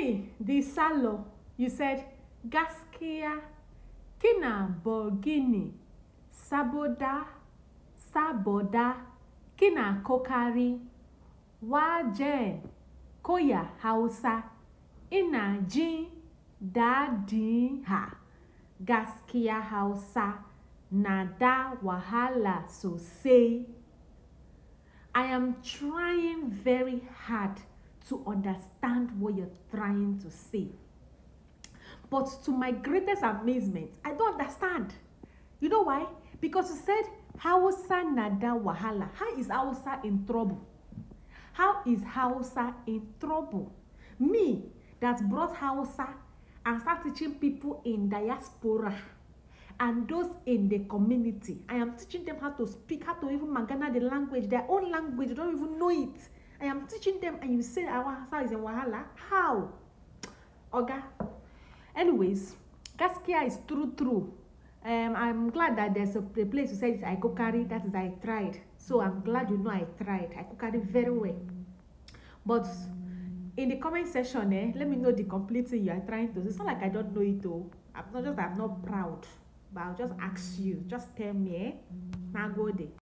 Hey, the salon. You said Gaskia, Kina Borgini, Saboda, Saboda, Kina Kokari, Wajen, Koya Hausa, Ina Jin, Dadin Ha, Gaskia Hausa, Nada Wahala say. I am trying very hard to understand what you're trying to say. But to my greatest amazement, I don't understand. You know why? Because he said, Hausa nada wahala. How is Hausa in trouble? How is Hausa in trouble? Me that brought Hausa and start teaching people in diaspora and those in the community. I am teaching them how to speak, how to even magana the language, their own language, they don't even know it. I am teaching them and you say our house is in wahala. How? Oga. Anyways, Gaskia is true, true. Um, I'm glad that there's a, a place you said it's Aikokari. That is, I tried. So I'm glad you know I tried. I Aikokari very well. But in the comment section, eh, let me know the complete thing you are trying to. It's not like I don't know it though. I'm not just I'm not proud. But I'll just ask you. Just tell me, eh? Nagode.